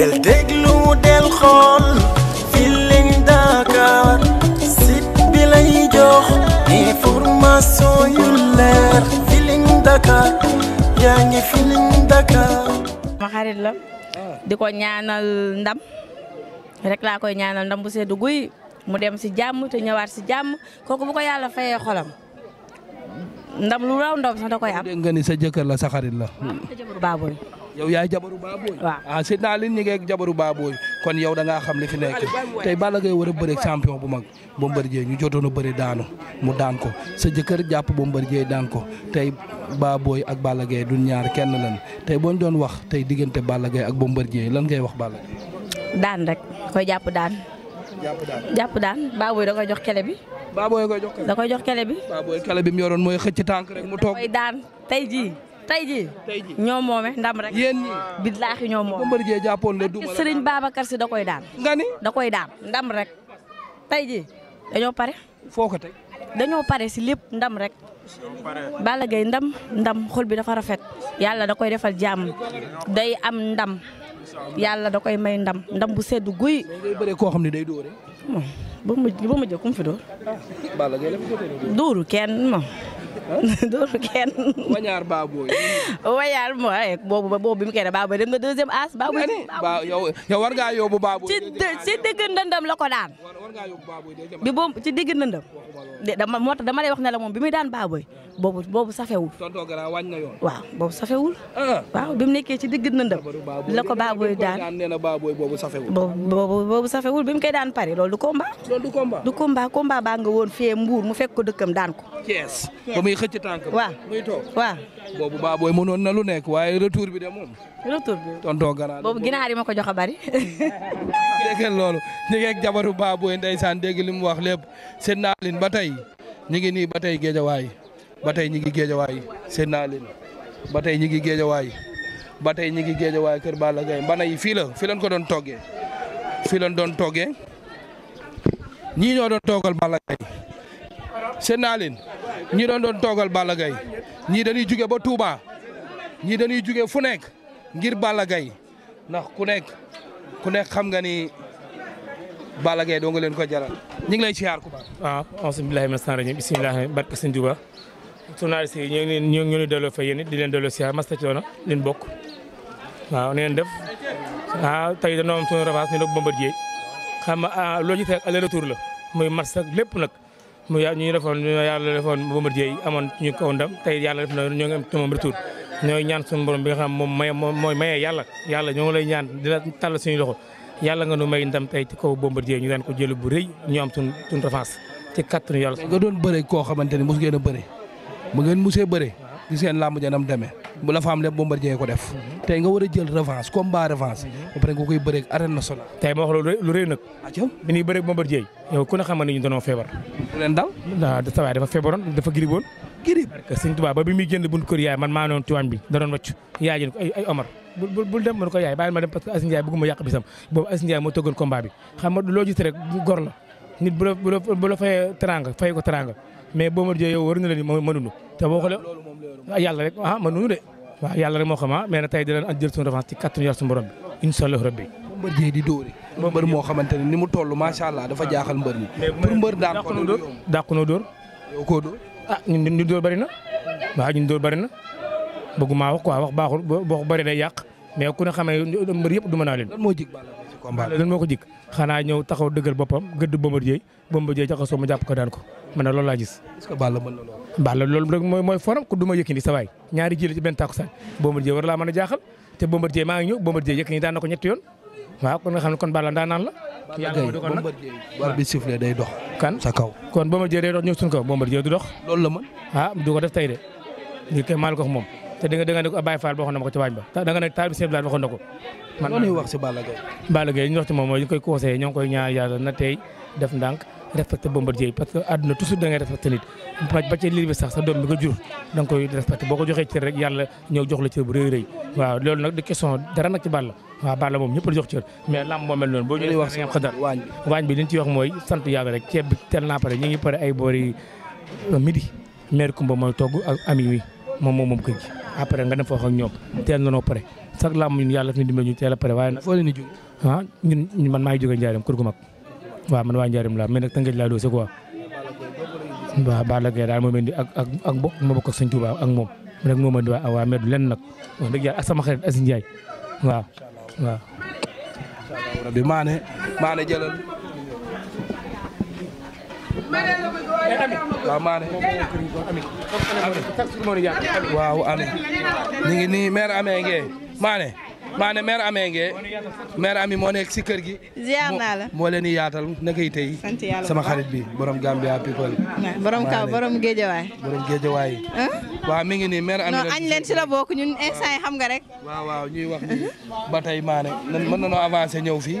del déglu del xool Feeling Dakar site lay jox information yu leer Feeling Dakar yaa ngi Feeling Dakar. ma xarit la di ko ñaanal ndam rek laa koy ñaanal ndam bu seddu guy mu dem si jàmm te ñëwaat si jàmm kooku bu ko yàlla fayee xolam. ndam lu raw ndam sax da koy am. nga ni sa jëkkër la sa xarit la. yow yaay jabaru baabooy waaw ah sit naa lin kon yow da ngaa xam li fi nekk tey bala Gaye war a bëre champion bu mag Bombardier ñu jotoon a bëri daano mu daan ko sa jëkkër jàpp Bombardier daan ko tey baabooy ak bala Gaye du ñaar kenn lan tey boo ñu doon wax tey diggante Balla Gaye ak Bombardier lan ngay wax Balla Gaye daan rek koy jàpp daan jàpp daan jàpp daan baabooy da koy jox kele bi baabooy da da koy jox kele bi bi mu yoroon mooy xëcc tànk rek mu toog daan tey jii tey jii ñoo moome ndam rek. yéen ñi billaahi ñoo moome. Bombardier jàppoon la duma la si da koy daan. nga da koy daan ndam rek. tay ji dañoo pare. foo ko dañoo pare si lépp ndam rek. Balla Gaye ndam ndam xol bi dafa rafet. yàlla da koy defal jàmm day am ndam. yàlla da koy may ndam ndam bu sedd guy. day koo xam ne day dóore. ba ma ba ma jëkkum fi kenn moom. dooru kenn. wañaar baaboo yi. wañaar mooy boobu boobu bi mu kenn baaboo dem na deuxième as. baaboo yi yow yow war ngaa yóbbu baaboo yi. ci digg ndëndam la ko daan. war ngaa yóbbu baaboo yi deuxième as bi boobu ci digg ndëndam. dama moo tax dama wax ne la moom bi muy daan baaboo yi boobu boobu safewul. tonton Gara wàññi na yoon. waaw boobu safewul. Ah. waaw bi mu nekkee ci digg ndëndam. la ko baaboo yi daan nee na baaboo yi boobu safewul. boobu boobu safewul bi mu koy daan pare loolu du combat. loolu du combat du combat combat baa nga woon fee mbuur mu fekk ko dëkkam daan ko Thiès ba muy xëcc tànk waaw muy toog waaw boobu baa booy mënoon na lu nekk waaye retour bi de moom retour bi tontoo ganaar boobu yi ma ko jox a bari déggal loolu ñu ngi ak jabaru baa booy ndeysaan dégg li mu wax lépp seen naa leen ba tey ñu ngi nii ba tey géejawaay ba tey ñu ngi géejawaay seen naa leen ba tey ñu ngi géejawaay ba tey ñu ngi géejawaay kër Balla Gaye mbana yi fii la fii lañ ko doon tooge fii lañ doon toggee ñii ñoo doon toogal Balla Gaye naa leen ñi doon doon toogal Balla Gaye ñii dañuy juge ba Touba ñii dañuy juge fu nekk ngir Balla Gaye ndax ku nekk ku nekk xam nga ni Balla Gaye doo nga leen ko jaral ñu ngi lay siyaar ku ah, baax. waaw alhamdulilah masna si bisimilah barke sëñ Touba journaliste yi ñoo ngi leen ñoo ngi leen delloo fa yéen it di leen delloo siyaar masta coono ah, leen bokk waaw ne leen def ah tey dañoo am suñu revanche ñu ne xam nga ah, loo ci teg aller la muy match lépp nag. mu ñu ñu defoon yàlla defoon Bombardier yi amoon ñu kaw ndam tey yàlla def na ñoo ngi am ci moom retour ñooy ñaan suñu borom bi nga xam moom may mooy mayee yàlla yàlla ñoo ngi lay ñaan di la tàll loxo yàlla nga nu may ndam tey ci kaw Bombardier ñu daan ko jëlu bu rëy ñu am suñ suñ revanche ci kattanu yàlla. nga doon bëre koo xamante ni mos ngeen a bëre mu musee bëre gis ngeen làmb ja nam demee bu la fa am ko def tey nga war a jël revanche combat revanche ba pare nga koy bëreeg arène nationale tey ma wax loolu lu rëy nag aco bi ñuy bëreeg Bombardier yow ku ne xam ne ñu danoo feebar lu leen dal dafa feebaroon dafa giriboon girib sëñ Tuubaa ba bi mu génn bunt kër yaay man maa noon tuwaan bi da doon wàcc yaay jën ko ay Omar yaay bàyyi ma dem parce que Aziz Ndiaye bëgguma yàq bisam boobu Aziz Ndiaye moo tëggoon combat bi xam nga loo gis rek góor nit bu la bu la fayee teranga fay ko teranga mais Bombardier yow war na leen mënuñu te boo xoolee ah, yàlla rek ah mënuñu de waaw yàlla rek moo xam ah mais nag tey dinañ jël suñu revanche ci kattanu yàlla suñu borom bi incha allah rabbi Bombardier di dóore moo xamante ne ni mu toll macha allah dafa ah. jaaxal mbër mi pour mbër daan ko dóor dàqu noo dóor koo dóor ah ñun ñun dóor bëri na waaw ñun dóor bëri na bëgguma a quoi wax baaxul boo bari day yàq mais ku ne xamee mbër yëpp du mën naa leen combat lan moo ko jik xanaa ñëw taxaw dëggal boppam gëdd Bombardier Bombardier jaxasoo ma jàpp ko daan ko man na loolu laa gis. est Balla loolu. mooy forom ku du ma Yékini ñaari ji la ci benn takkusaan Bombardier war laa mën a jaaxal te Bombardier maa ngi ñëw Bombardier Yékini daan na ko ñetti yoon waaw kon nga xam ne kon Balla daan naan la. yàlla moo duggoon nag ah, def tey de ñu koy maal ko moom te di nga da nga ne ko Baye Fall waxoon na ma ko ci waañ ba da nga ne taal bi sëñ Abdoulaye waxoon na ko. man loolu ñuy wax si Balla Gaye. Balla Gaye li ñu wax ci moom mooy ñu koy conseillé ñoo ngi koy ñaan yàlla na tey def ndànk respecté Bombardier parce que àdduna toujours da ngay respecté nit ba ci liir bi sax sa doom bi nga jur da nga koy respecté boo ko joxee cër rek yàlla ñëw jox la cër bu rëy rëy waaw loolu nag de question dara nag ci Balla waaw Balla moom ñëpp la jox cër mais lamb moo mel noonu boo ñëwee wax si xadar waañ bi li ñu ci wax mooy sant yàlla rek ceeb bi tel naa pare ñu ngi pare ay boori euh, midi mère Kumba mooy togg ak ami wi moom moom moom kër gi après nga dem foofu ak ñoom teel na noo pare chaque làmb ñun yàlla fi ñu dimbali ñu a pare waaye nag foo leen di jóge ah ñun man maa ngi jóge Njaareem kër gu mag waaw man waa Njaareem laa mais nag tëngeej laa doose quoi waaw Balla Gaye daal moom indi ak ak ak bokk ma bokk ak sëñ Touba ak moom ma di waa waa meddu lenn nag wax dëgg yàlla ak sama xarit Asin Ndiaye waaw waaw waaw maane waaw ami ñu ngi nii mère amee ngee maane maane mère amee ngee mère ami moo nekk si kër gi ziar naa la moo leen di yaatal nakay tey sama xarit bi borom Gambia people borom kaw borom géejawaay borom waaw mi ngi nii mère ami non añ leen si la bokk ñun instant yi xam nga rek waaw waaw ñuy wax ni ba tey maane mën na noo avancer ñëw fii